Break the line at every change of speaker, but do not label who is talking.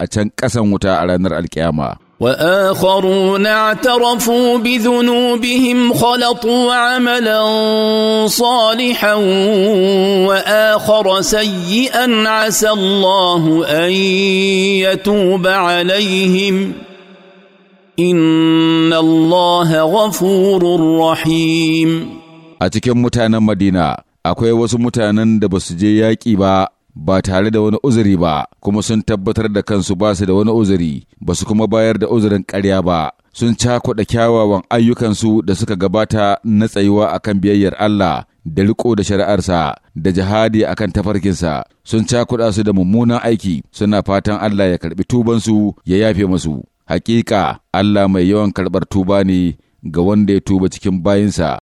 a can ƙasan wuta a ranar alkiyama.
واخرون اعترفوا بذنوبهم خلطوا عملا صالحا واخر سيئا عسى الله ان يتوب عليهم ان الله
غفور رحيم
a cikin mutanen madina akwai wasu mutanen da ba su je yaƙi ba ba tare da wani uzuri ba kuma sun tabbatar da kansu ba su da wani uzuri ba su kuma bayar da uzurin karya ba sun cakuɗa kyawawan ayyukansu da suka gabata na tsayuwa akan biyayyar Allah da riko da shari'arsa da jihadi akan tafarkinsa sun cakuɗa su da mummunan aiki suna fatan Allah ya karɓi tubansu ya yafe musu Haƙiƙa Allah mai yawan karɓar tuba ne ga
wanda ya tuba cikin bayinsa